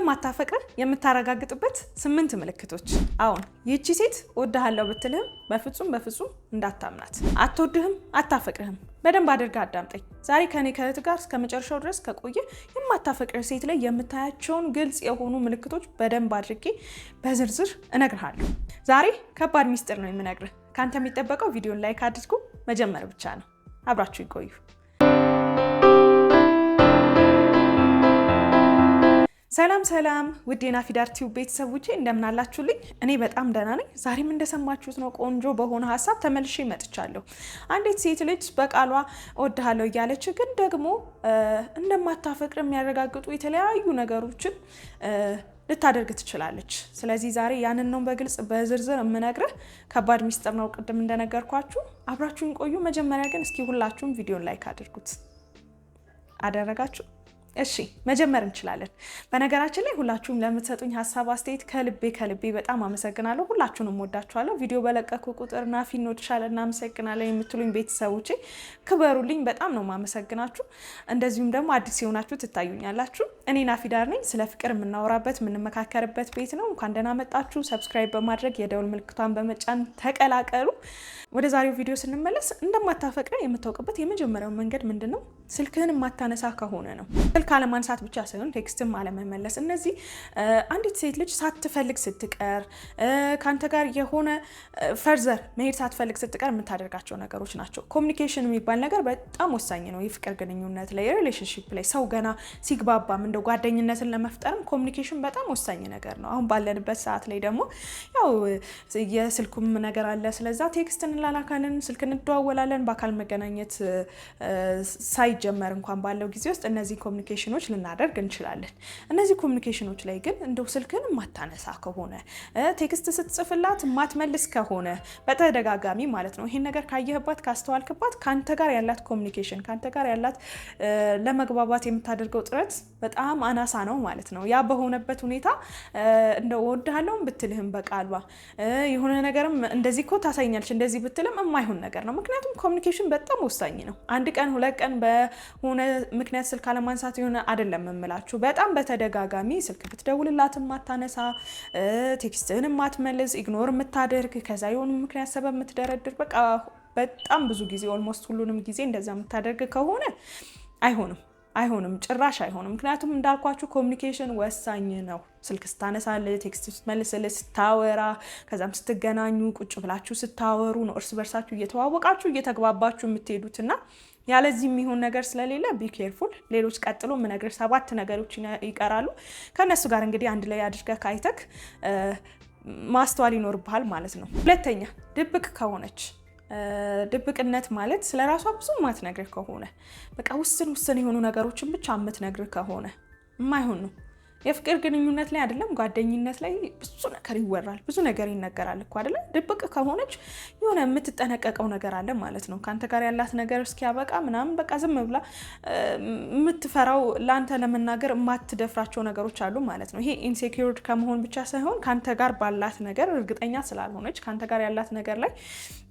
እንደማታፈቅር የምታረጋግጥበት ስምንት ምልክቶች። አሁን ይቺ ሴት እወድሃለሁ ብትልህም በፍጹም በፍጹም እንዳታምናት። አትወድህም፣ አታፈቅርህም። በደንብ አድርጋ አዳምጠኝ። ዛሬ ከኔ ከእህት ጋር እስከ መጨረሻው ድረስ ከቆየ የማታፈቅር ሴት ላይ የምታያቸውን ግልጽ የሆኑ ምልክቶች በደንብ አድርጌ በዝርዝር እነግርሃለሁ። ዛሬ ከባድ ሚስጥር ነው የምነግርህ። ከአንተ የሚጠበቀው ቪዲዮን ላይክ አድርጉ መጀመር ብቻ ነው። አብራችሁ ይቆዩ። ሰላም ሰላም ውዴና ፊዳር ቲዩብ ቤተሰቦቼ እንደምናላችሁልኝ፣ እኔ በጣም ደህና ነኝ። ዛሬም እንደሰማችሁት ነው ቆንጆ በሆነ ሀሳብ ተመልሼ መጥቻለሁ። አንዲት ሴት ልጅ በቃሏ እወድሃለሁ እያለች ግን ደግሞ እንደማታፈቅር የሚያረጋግጡ የተለያዩ ነገሮችን ልታደርግ ትችላለች። ስለዚህ ዛሬ ያንን ነው በግልጽ በዝርዝር የምነግርህ። ከባድ ሚስጥር ነው ቅድም እንደነገርኳችሁ። አብራችሁን ቆዩ። መጀመሪያ ግን እስኪ ሁላችሁም ቪዲዮን ላይክ አድርጉት። አደረጋችሁ? እሺ መጀመር እንችላለን። በነገራችን ላይ ሁላችሁም ለምትሰጡኝ ሀሳብ አስተያየት ከልቤ ከልቤ በጣም አመሰግናለሁ። ሁላችሁንም ወዳችኋለሁ። ቪዲዮ በለቀኩ ቁጥር ናፊ እንወድሻለን፣ እናመሰግናለን የምትሉኝ ቤተሰቦች ክበሩልኝ። በጣም ነው ማመሰግናችሁ። እንደዚሁም ደግሞ አዲስ የሆናችሁ ትታዩኛላችሁ። እኔ ናፊዳር ነኝ። ስለ ፍቅር የምናወራበት የምንመካከርበት ቤት ነው። እንኳን ደህና መጣችሁ። ሰብስክራይብ በማድረግ የደውል ምልክቷን በመጫን ተቀላቀሉ። ወደ ዛሬው ቪዲዮ ስንመለስ እንደማታፈቅረ የምታውቅበት የመጀመሪያው መንገድ ምንድን ነው? ስልክህን የማታነሳ ከሆነ ነው። ስልክ አለማንሳት ብቻ ሳይሆን ቴክስትም አለመመለስ። እነዚህ አንዲት ሴት ልጅ ሳትፈልግ ስትቀር፣ ከአንተ ጋር የሆነ ፈርዘር መሄድ ሳትፈልግ ስትቀር የምታደርጋቸው ነገሮች ናቸው። ኮሚኒኬሽን የሚባል ነገር በጣም ወሳኝ ነው። የፍቅር ግንኙነት ላይ፣ የሪሌሽንሽፕ ላይ ሰው ገና ሲግባባም እንደው ጓደኝነትን ለመፍጠርም ኮሚኒኬሽን በጣም ወሳኝ ነገር ነው። አሁን ባለንበት ሰዓት ላይ ደግሞ ያው የስልኩም ነገር አለ። ስለዛ ቴክስትን እንላላካለን፣ ስልክ እንደዋወላለን። በአካል መገናኘት ሳይጀመር እንኳን ባለው ጊዜ ውስጥ እነዚህ ኮሚኒኬሽኖች ልናደርግ እንችላለን። እነዚህ ኮሚኒኬሽኖች ላይ ግን እንደው ስልክን የማታነሳ ከሆነ ቴክስት ስትጽፍላት የማትመልስ ከሆነ በተደጋጋሚ ማለት ነው ይሄን ነገር ካየህባት ካስተዋልክባት ከአንተ ጋር ያላት ኮሚኒኬሽን ከአንተ ጋር ያላት ለመግባባት የምታደርገው ጥረት በጣም አናሳ ነው ማለት ነው። ያ በሆነበት ሁኔታ እንደው እወድሃለሁ ብትልህም በቃሏ የሆነ ነገርም እንደዚህ እኮ ታሳይኛለች እንደዚህ ብትልም የማይሆን ነገር ነው። ምክንያቱም ኮሚኒኬሽን በጣም ወሳኝ ነው። አንድ ቀን ሁለት ቀን በሆነ ምክንያት ስልክ አለማንሳት የሆነ አይደለም የምላችሁ። በጣም በተደጋጋሚ ስልክ ብትደውልላት የማታነሳ ቴክስትን የማትመልስ ኢግኖር የምታደርግ ከዛ የሆኑ ምክንያት ሰበብ የምትደረድር በቃ በጣም ብዙ ጊዜ ኦልሞስት ሁሉንም ጊዜ እንደዛ የምታደርግ ከሆነ አይሆንም። አይሆንም፣ ጭራሽ አይሆንም። ምክንያቱም እንዳልኳችሁ ኮሚኒኬሽን ወሳኝ ነው። ስልክ ስታነሳለች፣ ቴክስት ስትመልስልች፣ ስታወራ፣ ከዛም ስትገናኙ ቁጭ ብላችሁ ስታወሩ ነው እርስ በርሳችሁ እየተዋወቃችሁ እየተግባባችሁ የምትሄዱትና ያለዚህ የሚሆን ነገር ስለሌለ ቢ ኬርፉል። ሌሎች ቀጥሎ ምነግር ሰባት ነገሮች ይቀራሉ። ከእነሱ ጋር እንግዲህ አንድ ላይ አድርገህ ካይተክ ማስተዋል ይኖርብሃል ማለት ነው። ሁለተኛ ድብቅ ከሆነች ድብቅነት ማለት ስለ ራሷ ብዙ ማትነግርህ ከሆነ በቃ ውስን ውስን የሆኑ ነገሮችን ብቻ የምትነግርህ ከሆነ የማይሆን ነው። የፍቅር ግንኙነት ላይ አይደለም ጓደኝነት ላይ ብዙ ነገር ይወራል፣ ብዙ ነገር ይነገራል እኮ አይደለም። ድብቅ ከሆነች የሆነ የምትጠነቀቀው ነገር አለ ማለት ነው። ከአንተ ጋር ያላት ነገር እስኪያበቃ ምናምን በቃ ዝም ብላ የምትፈራው ለአንተ ለመናገር የማትደፍራቸው ነገሮች አሉ ማለት ነው። ይሄ ኢንሴኪውርድ ከመሆን ብቻ ሳይሆን ከአንተ ጋር ባላት ነገር እርግጠኛ ስላልሆነች፣ ከአንተ ጋር ያላት ነገር ላይ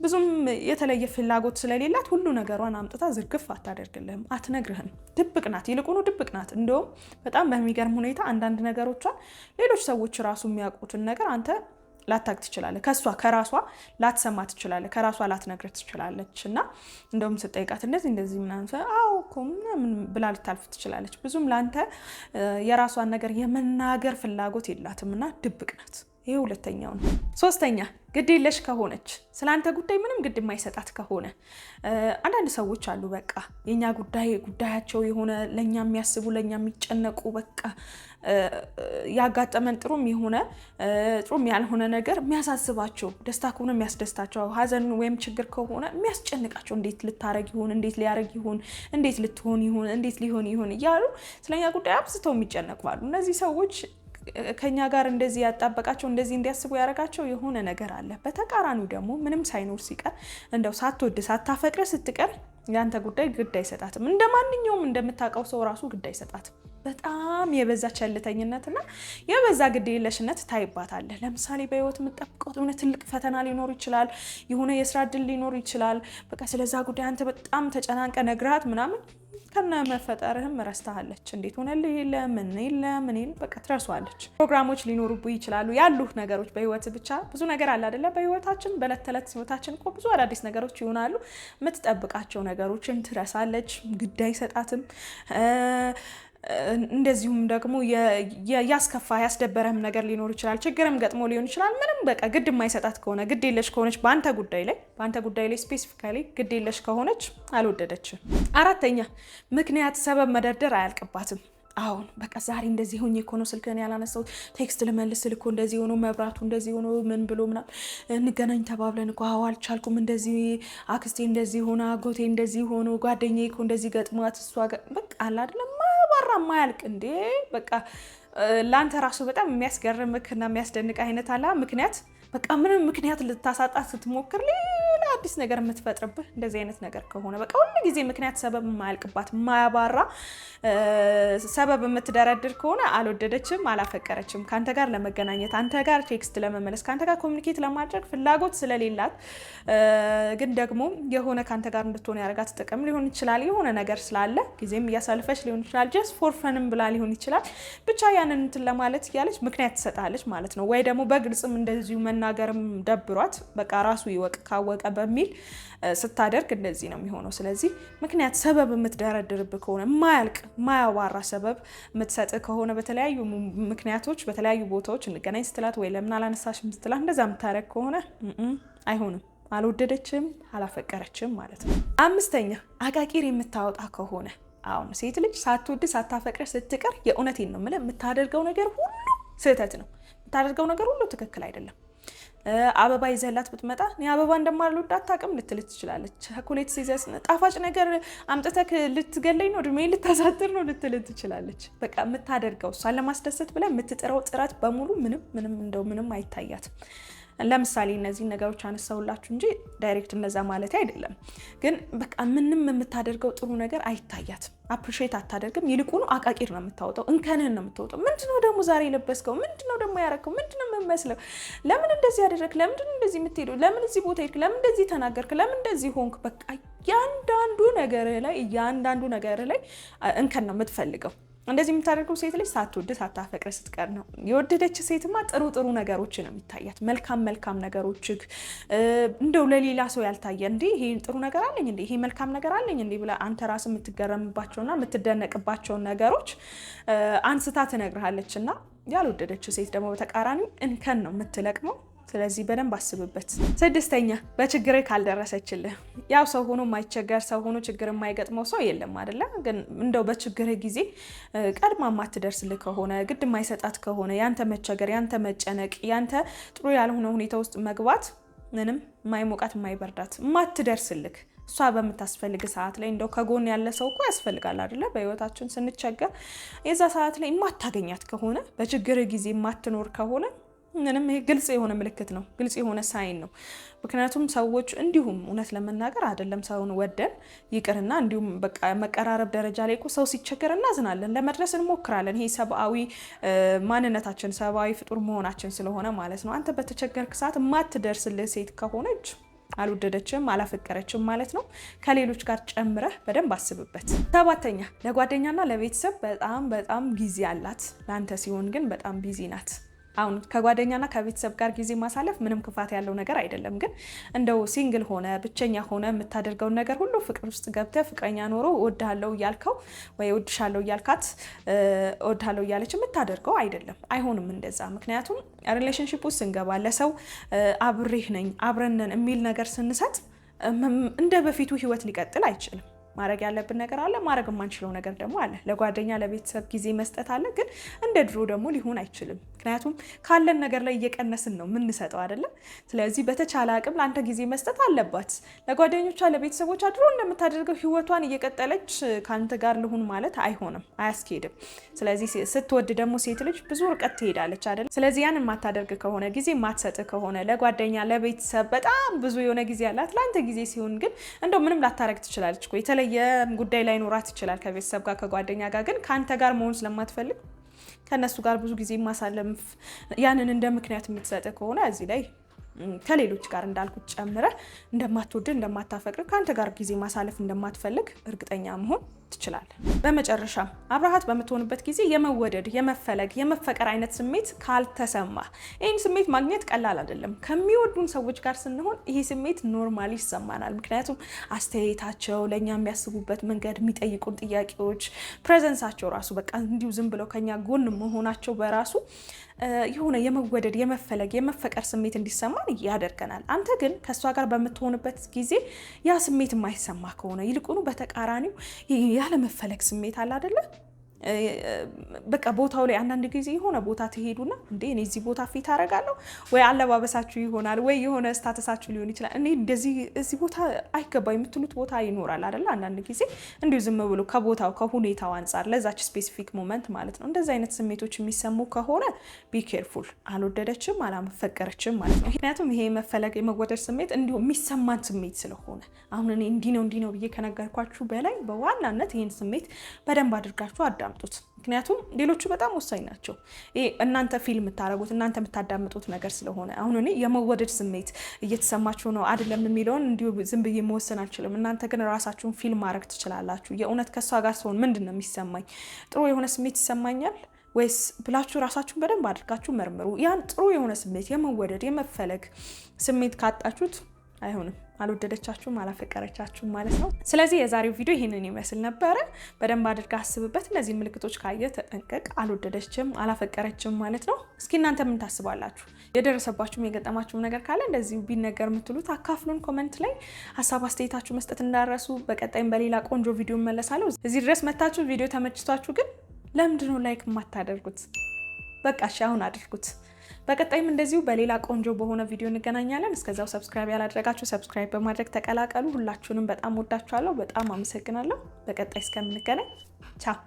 ብዙም የተለየ ፍላጎት ስለሌላት ሁሉ ነገሯን አምጥታ ዝርግፍ አታደርግልህም፣ አትነግርህም። ድብቅ ናት፣ ይልቁኑ ድብቅ ናት። እንደውም በጣም በሚገርም ሁኔታ አንዳንድ ነገሮቿን ሌሎች ሰዎች ራሱ የሚያውቁትን ነገር አንተ ላታቅ ትችላለህ። ከእሷ ከራሷ ላትሰማ ትችላለህ። ከራሷ ላትነግርህ ትችላለች። እና እንደውም ስጠይቃት እንደዚህ እንደዚህ ምናምን አዎ እኮ ምናምን ብላ ልታልፍ ትችላለች። ብዙም ለአንተ የራሷን ነገር የመናገር ፍላጎት የላትም እና ድብቅ ናት። ይሄ ሁለተኛው ነው። ሶስተኛ ግድ የለሽ ከሆነች ስለ አንተ ጉዳይ ምንም ግድ የማይሰጣት ከሆነ አንዳንድ ሰዎች አሉ። በቃ የኛ ጉዳይ ጉዳያቸው የሆነ ለእኛ የሚያስቡ ለእኛ የሚጨነቁ በቃ ያጋጠመን ጥሩም የሆነ ጥሩም ያልሆነ ነገር የሚያሳስባቸው ደስታ ከሆነ የሚያስደስታቸው፣ ሀዘን ወይም ችግር ከሆነ የሚያስጨንቃቸው እንዴት ልታረግ ይሆን እንዴት ሊያረግ ይሆን እንዴት ልትሆን ይሆን እንዴት ሊሆን ይሆን እያሉ ስለኛ ጉዳይ አብዝተው የሚጨነቁ አሉ። እነዚህ ሰዎች ከኛ ጋር እንደዚህ ያጣበቃቸው እንደዚህ እንዲያስቡ ያደረጋቸው የሆነ ነገር አለ። በተቃራኒው ደግሞ ምንም ሳይኖር ሲቀር እንደው ሳትወድ ሳታፈቅር ስትቀር ያንተ ጉዳይ ግድ አይሰጣትም። እንደ ማንኛውም እንደምታውቀው ሰው ራሱ ግድ አይሰጣትም። በጣም የበዛ ቸልተኝነትና የበዛ ግዴለሽነት ታይባታለህ። ለምሳሌ በህይወት የምጠብቀው ሆነ ትልቅ ፈተና ሊኖር ይችላል፣ የሆነ የስራ እድል ሊኖር ይችላል። በቃ ስለዛ ጉዳይ አንተ በጣም ተጨናንቀ ነግራት ምናምን ከነ መፈጠርህም ረስታለች። እንዴት ሆነልህ ለምን ለምን በቃ ትረሷለች። ፕሮግራሞች ሊኖሩብህ ይችላሉ። ያሉ ነገሮች በህይወት ብቻ ብዙ ነገር አለ አይደለ? በህይወታችን በዕለት ተዕለት ህይወታችን እኮ ብዙ አዳዲስ ነገሮች ይሆናሉ። የምትጠብቃቸው ነገሮችን ትረሳለች። ግድ አይሰጣትም። እንደዚሁም ደግሞ ያስከፋ ያስደበረም ነገር ሊኖር ይችላል። ችግርም ገጥሞ ሊሆን ይችላል። ምንም በቃ ግድ የማይሰጣት ከሆነ ግድ የለሽ ከሆነች በአንተ ጉዳይ ላይ በአንተ ጉዳይ ላይ ስፔሲፊካሊ ግድ የለሽ ከሆነች አልወደደችም። አራተኛ ምክንያት ሰበብ መደርደር አያልቅባትም። አሁን በቃ ዛሬ እንደዚህ ሆኜ እኮ ነው ስልክህን ያላነሳሁት። ቴክስት ልመልስ ስልኮ እንደዚህ ሆኖ መብራቱ እንደዚህ ሆኖ ምን ብሎ ምናምን እንገናኝ ተባብለን እኮ አዎ አልቻልኩም። እንደዚህ አክስቴ እንደዚህ ሆነ፣ አጎቴ እንደዚህ ሆኖ፣ ጓደኛዬ እኮ እንደዚህ ገጥሟት እሷ በቃ አለ አይደለም ሲወራ ማያልቅ እንዴ በቃ ለአንተ ራሱ በጣም የሚያስገርምክ እና የሚያስደንቅ አይነት አላ ምክንያት በቃ ምንም ምክንያት ልታሳጣ ስትሞክር አዲስ ነገር የምትፈጥርብህ እንደዚህ አይነት ነገር ከሆነ በቃ ሁሉ ጊዜ ምክንያት ሰበብ የማያልቅባት የማያባራ ሰበብ የምትደረድር ከሆነ አልወደደችም፣ አላፈቀረችም። ከአንተ ጋር ለመገናኘት አንተ ጋር ቴክስት ለመመለስ ከአንተ ጋር ኮሚኒኬት ለማድረግ ፍላጎት ስለሌላት ግን ደግሞ የሆነ ከአንተ ጋር እንድትሆን ያደርጋት ጥቅም ሊሆን ይችላል፣ የሆነ ነገር ስላለ ጊዜም እያሳልፈች ሊሆን ይችላል፣ ጀስት ፎርፈንም ብላ ሊሆን ይችላል። ብቻ ያንን እንትን ለማለት እያለች ምክንያት ትሰጣለች ማለት ነው። ወይ ደግሞ በግልጽም እንደዚሁ መናገርም ደብሯት በቃ ራሱ ይወቅ ካወቀ በሚል ስታደርግ እንደዚህ ነው የሚሆነው። ስለዚህ ምክንያት ሰበብ የምትደረድርብ ከሆነ የማያልቅ ማያዋራ ሰበብ የምትሰጥ ከሆነ በተለያዩ ምክንያቶች በተለያዩ ቦታዎች እንገናኝ ስትላት ወይ ለምን አላነሳሽም ስትላት እንደዛ የምታደርግ ከሆነ አይሆንም። አልወደደችም፣ አላፈቀረችም ማለት ነው። አምስተኛ አቃቂር የምታወጣ ከሆነ አሁን ሴት ልጅ ሳትወድ ሳታፈቅር ስትቀር የእውነቴን ነው የምልህ የምታደርገው ነገር ሁሉ ስህተት ነው። የምታደርገው ነገር ሁሉ ትክክል አይደለም። አበባ ይዘህላት ብትመጣ እኔ አበባ እንደማልወድ አታውቅም ልትል ትችላለች። ቸኮሌት ሲዘስ ጣፋጭ ነገር አምጥተህ ልትገለኝ ነው እድሜ ልታሳጥር ነው ልትል ትችላለች። በቃ የምታደርገው እሷን ለማስደሰት ብላ የምትጥረው ጥረት በሙሉ ምንም ምንም እንደው ምንም አይታያትም። ለምሳሌ እነዚህን ነገሮች አነሳሁላችሁ እንጂ ዳይሬክት እነዛ ማለት አይደለም። ግን በቃ ምንም የምታደርገው ጥሩ ነገር አይታያትም፣ አፕሪሼት አታደርግም። ይልቁኑ አቃቂር ነው የምታወጣው፣ እንከንህን ነው የምታወጣው። ምንድነው ደግሞ ዛሬ የለበስከው? ምንድነው ደግሞ ያረግከው? ምንድነው የምመስለው? ለምን እንደዚህ ያደረግ? ለምንድነው እንደዚህ የምትሄደው? ለምን እዚህ ቦታ ሄድክ? ለምን እንደዚህ ተናገርክ? ለምን እንደዚህ ሆንክ? በቃ እያንዳንዱ ነገር ላይ እያንዳንዱ ነገር ላይ እንከን ነው የምትፈልገው። እንደዚህ የምታደርገው ሴት ልጅ ሳትወድ ሳታፈቅር ስትቀር ነው። የወደደች ሴትማ ጥሩ ጥሩ ነገሮች ነው የሚታያት፣ መልካም መልካም ነገሮች እንደው ለሌላ ሰው ያልታየ እንዲ ይሄ ጥሩ ነገር አለኝ እንዲ ይሄ መልካም ነገር አለኝ እንዲ ብላ አንተ ራስ የምትገረምባቸውና የምትደነቅባቸውን ነገሮች አንስታ ትነግርሃለች። እና ያልወደደችው ሴት ደግሞ በተቃራኒ እንከን ነው የምትለቅመው። ስለዚህ በደንብ አስብበት። ስድስተኛ በችግር ካልደረሰችልህ። ያው ሰው ሆኖ የማይቸገር ሰው ሆኖ ችግር የማይገጥመው ሰው የለም አይደለ? ግን እንደው በችግር ጊዜ ቀድማ ማትደርስል ከሆነ ግድ የማይሰጣት ከሆነ ያንተ መቸገር፣ ያንተ መጨነቅ፣ ያንተ ጥሩ ያልሆነ ሁኔታ ውስጥ መግባት ምንም የማይሞቃት የማይበርዳት ማትደርስልክ እሷ በምታስፈልግ ሰዓት ላይ እንደው ከጎን ያለ ሰው እኮ ያስፈልጋል አይደለ? በህይወታችን ስንቸገር የዛ ሰዓት ላይ የማታገኛት ከሆነ በችግር ጊዜ የማትኖር ከሆነ ምንም ይሄ ግልጽ የሆነ ምልክት ነው፣ ግልጽ የሆነ ሳይን ነው። ምክንያቱም ሰዎች እንዲሁም እውነት ለመናገር አይደለም ሰውን ወደን ይቅርና እንዲሁም በቃ መቀራረብ ደረጃ ላይ ሰው ሲቸገር እናዝናለን፣ ለመድረስ እንሞክራለን። ይሄ ሰብአዊ ማንነታችን ሰብአዊ ፍጡር መሆናችን ስለሆነ ማለት ነው። አንተ በተቸገርክ ሰዓት የማትደርስልህ ሴት ከሆነች አልወደደችም አላፈቀረችም ማለት ነው። ከሌሎች ጋር ጨምረህ በደንብ አስብበት። ሰባተኛ ለጓደኛና ለቤተሰብ በጣም በጣም ጊዜ አላት፣ ለአንተ ሲሆን ግን በጣም ቢዚ ናት። አሁን ከጓደኛና ከቤተሰብ ጋር ጊዜ ማሳለፍ ምንም ክፋት ያለው ነገር አይደለም። ግን እንደው ሲንግል ሆነ ብቸኛ ሆነ የምታደርገውን ነገር ሁሉ ፍቅር ውስጥ ገብተህ ፍቅረኛ ኖሮ እወድሃለሁ እያልከው ወይ እወድሻለሁ እያልካት እወድሃለሁ እያለች የምታደርገው አይደለም። አይሆንም እንደዛ። ምክንያቱም ሪሌሽንሽፕ ውስጥ ስንገባ ለሰው አብሬህ ነኝ አብረነን የሚል ነገር ስንሰጥ እንደ በፊቱ ህይወት ሊቀጥል አይችልም። ማድረግ ያለብን ነገር አለ፣ ማድረግ የማንችለው ነገር ደግሞ አለ። ለጓደኛ ለቤተሰብ ጊዜ መስጠት አለ፣ ግን እንደ ድሮ ደግሞ ሊሆን አይችልም። ምክንያቱም ካለን ነገር ላይ እየቀነስን ነው የምንሰጠው አይደለም። ስለዚህ በተቻለ አቅም ለአንተ ጊዜ መስጠት አለባት። ለጓደኞቿ፣ ለቤተሰቦቿ ድሮ እንደምታደርገው ህይወቷን እየቀጠለች ከአንተ ጋር ልሁን ማለት አይሆንም፣ አያስኬድም። ስለዚህ ስትወድ ደግሞ ሴት ልጅ ብዙ እርቀት ትሄዳለች አይደለም። ስለዚህ ያንን የማታደርግ ከሆነ ጊዜ የማትሰጥ ከሆነ ለጓደኛ፣ ለቤተሰብ በጣም ብዙ የሆነ ጊዜ ያላት ለአንተ ጊዜ ሲሆን ግን እንደው ምንም ላታረግ ትችላለች። የተለየ ጉዳይ ላይኖራት ይችላል ከቤተሰብ ጋር ከጓደኛ ጋር ግን ከአንተ ጋር መሆን ስለማትፈልግ ከእነሱ ጋር ብዙ ጊዜ ማሳለፍ ያንን እንደ ምክንያት የምትሰጥ ከሆነ እዚህ ላይ ከሌሎች ጋር እንዳልኩት ጨምረ እንደማትወድ እንደማታፈቅር ከአንተ ጋር ጊዜ ማሳለፍ እንደማትፈልግ እርግጠኛ መሆን ትችላል። በመጨረሻ አብረሃት በምትሆንበት ጊዜ የመወደድ የመፈለግ የመፈቀር አይነት ስሜት ካልተሰማ ይህን ስሜት ማግኘት ቀላል አይደለም። ከሚወዱን ሰዎች ጋር ስንሆን ይህ ስሜት ኖርማሊ ይሰማናል። ምክንያቱም አስተያየታቸው፣ ለእኛ የሚያስቡበት መንገድ፣ የሚጠይቁን ጥያቄዎች፣ ፕሬዘንሳቸው ራሱ በቃ እንዲሁ ዝም ብለው ከኛ ጎን መሆናቸው በራሱ የሆነ የመወደድ የመፈለግ የመፈቀር ስሜት እንዲሰማን ያደርገናል። አንተ ግን ከእሷ ጋር በምትሆንበት ጊዜ ያ ስሜት የማይሰማ ከሆነ ይልቁኑ በተቃራኒው ያለመፈለግ ስሜት አለ አደለ በቃ ቦታው ላይ አንዳንድ ጊዜ የሆነ ቦታ ትሄዱና እንዴ እኔ እዚህ ቦታ ፊት አደርጋለሁ ወይ አለባበሳችሁ ይሆናል ወይ የሆነ ስታተሳችሁ ሊሆን ይችላል። እኔ እንደዚህ እዚህ ቦታ አይገባ የምትሉት ቦታ ይኖራል አይደለ? አንዳንድ ጊዜ እንዲሁ ዝም ብሎ ከቦታው ከሁኔታው አንጻር ለዛች ስፔሲፊክ ሞመንት ማለት ነው። እንደዚህ አይነት ስሜቶች የሚሰሙ ከሆነ ቢ ኬርፉል፣ አልወደደችም አላመፈቀረችም ማለት ነው። ምክንያቱም ይሄ መፈለግ የመወደድ ስሜት እንዲሁ የሚሰማን ስሜት ስለሆነ አሁን እኔ እንዲህ ነው እንዲህ ነው ብዬ ከነገርኳችሁ በላይ በዋናነት ይህን ስሜት በደንብ አድርጋችሁ አዳ አዳምጡት። ምክንያቱም ሌሎቹ በጣም ወሳኝ ናቸው። ይሄ እናንተ ፊልም የምታደርጉት እናንተ የምታዳምጡት ነገር ስለሆነ አሁን እኔ የመወደድ ስሜት እየተሰማችሁ ነው አይደለም የሚለውን እንዲሁ ዝም ብዬ መወሰን አልችልም። እናንተ ግን ራሳችሁን ፊልም ማድረግ ትችላላችሁ። የእውነት ከእሷ ጋር ሲሆን ምንድን ነው የሚሰማኝ? ጥሩ የሆነ ስሜት ይሰማኛል ወይስ ብላችሁ ራሳችሁን በደንብ አድርጋችሁ መርምሩ። ያን ጥሩ የሆነ ስሜት የመወደድ የመፈለግ ስሜት ካጣችሁት አይሆንም። አልወደደቻችሁም አላፈቀረቻችሁም ማለት ነው። ስለዚህ የዛሬው ቪዲዮ ይህንን ይመስል ነበረ። በደንብ አድርጋ አስብበት። እነዚህ ምልክቶች ካየ ተጠንቀቅ። አልወደደችም፣ አላፈቀረችም ማለት ነው። እስኪ እናንተ ምን ታስባላችሁ? የደረሰባችሁም የገጠማችሁም ነገር ካለ እንደዚሁ ቢነገር የምትሉት አካፍሉን። ኮመንት ላይ ሀሳብ አስተያየታችሁ መስጠት እንዳረሱ። በቀጣይም በሌላ ቆንጆ ቪዲዮ እመለሳለሁ። እዚህ ድረስ መታችሁ ቪዲዮ ተመችቷችሁ ግን ለምንድነው ላይክ የማታደርጉት? በቃ እሺ አሁን አድርጉት። በቀጣይም እንደዚሁ በሌላ ቆንጆ በሆነ ቪዲዮ እንገናኛለን። እስከዛው ሰብስክራይብ ያላደረጋችሁ ሰብስክራይብ በማድረግ ተቀላቀሉ። ሁላችሁንም በጣም ወዳችኋለሁ። በጣም አመሰግናለሁ። በቀጣይ እስከምንገናኝ ቻው።